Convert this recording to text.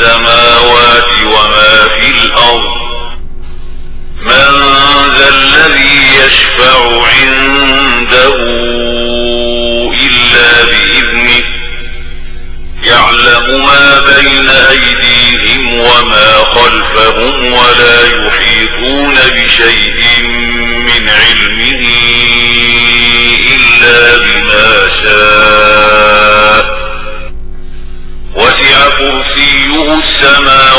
السماوات وما في الأرض من ذا الذي يشفع عنده إلا بإذنه يعلم ما بين أيديهم وما خلفهم ولا يحيطون بشيء السماوات